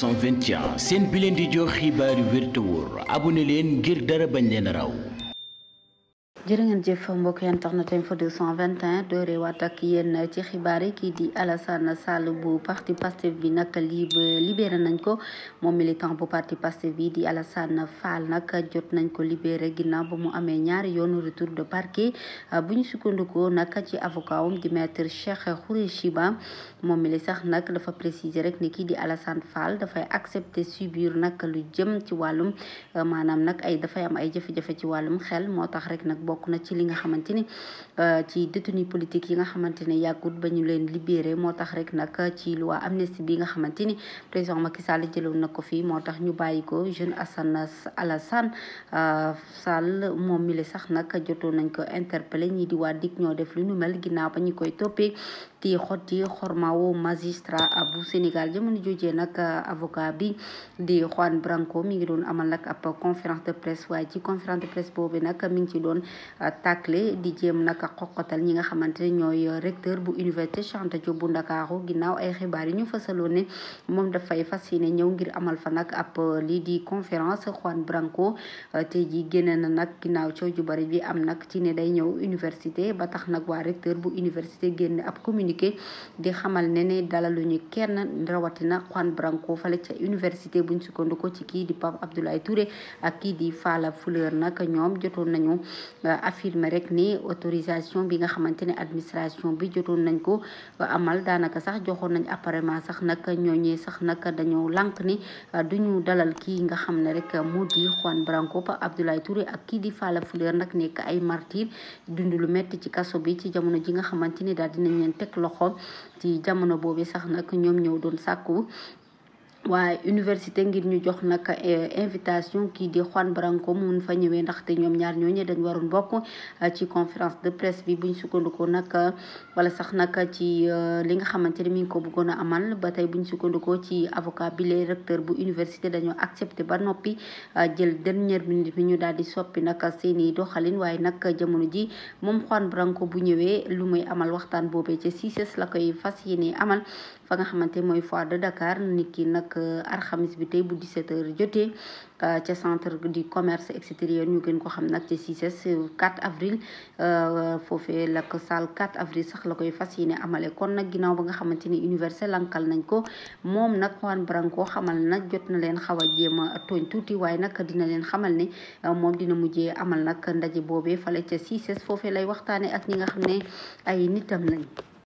121 seen bi leen di jox xibaar yu wér te wóor leen ngir dara bañ leen raw jërë ngeen jëf mbokk yi internet info 221 doore waat ak yéen ci xibaar yi kii di Alassane Sall bu parti Pastef bi nag lib libéré nañ ko moom militant bu parti Pastef bi di Alassane Fall nag jot nañ ko libéré ginnaaw ba mu amee ñaari yoonu retour de parquet bu ñu sukkandikoo nag ci avocat wam Cheikh Khoureyssi Ba moom mi li sax nag dafa préciser rek ni kii di Alassane Fall dafay accepter subir nag lu jëm ci wàllum maanaam nag ay dafay am ay jafe-jafe ci wàllum xel moo tax rek nag bokk na ci li nga xamante ni euh, ci détenu politique yi nga xamante ne yàggut ba ñu leen libéré moo tax rek nag ci loi amnistie bi nga xamante ni président Macky Sall jëloon na ko fii moo tax ñu bàyyi ko jeune Assane Alassane euh, Sall moom mi sax nag jotoon nañ ko interpellé ñii di waa DIC ñoo def lu nu mel ginnaaw ba ñu koy toppee di xotti xormaawu magistrat bu Sénégal jamono jojee nag avocat bi di Juan Branco mi ngi doon amal nag ab conférence de presse waaye ci conférence de presse boobu nag mi ngi ci doon ah, le di jéem nag xoqatal ñi nga xamante ne ñooy recteur bu université Cheikh Anta bu Ndakaaru ginnaaw ay xibaar yi ñu fasaloon ne moom dafay fas yéene ñëw ngir amal fa nag ab lii di conférence Juan Branco te ji génne na nag ginnaaw coow ju bari bi am nag ci ne day ñëw université ba tax nag waa recteur bu communiqué di xamal ne ne dalaluñu kenn rawatina Juan Branco fale ca université buñ sukkandiku ci kii di Pape Abdoulaye Touré ak kii di Falla Fleur nag ñoom jotoon nañu euh, affirmer rek ni autorisation bi nga xamante ne administration bi jotoon nañ ko euh, amal daanaka sax joxoon nañ apparemment sax nag ñooñee sax nag dañoo lànk ni euh, duñu dalal kii nga xam ne rek mu di Juan Branco Pape Abdoulaye ak kii di Falla Fleur nag nekk ay martyr dund metti ci kaso bi ci jamono ji nga xamante ni daal dinañ leen teg loxo ci jamono boobi sax nag ñoom ñëw doon sàkku waaye université ngir ñu jox nag eh, invitation kii di Juan Branco mun fa ñëwee ndaxte ñoom ñaar ñooñu dañ waroon bokk eh, ci conférence de presse bi buñ sukkandikoo nag eh, wala sax nag ci li nga xamante ni mi ngi ko bëggoon a amal ba tey buñ sukkandikoo ci avocat bi le recteur bu université dañoo accepté ba noppi jël dernière minute bi ñu daal di soppi nag seeni doxalin waaye nag jamono ji moom Juan Branco bu ñëwee lu muy amal waxtaan boobee ca CICES la koy fas yéene amal fa nga xamante mooy foire de Dakar nit ki nag ak alxamis bi tey bu 17h jotee euh, ca centre du commerce extérieur ñu gën ko xam nag ci CICES 4 avril euh, foofee la ko salle 4 avril sax la koy fas ne amale kon nag ginnaaw ba nga xamante ni universel lankal nañ ko moom nag Juan Branco xamal nag jot na leen xaw a jéem a tooñ tuuti waaye nag dina leen xamal ne euh, moom dina mujjee amal nag ndaje boobee fale ca CICES foofee lay waxtaane ak ñi nga xam ne ay nitam lañ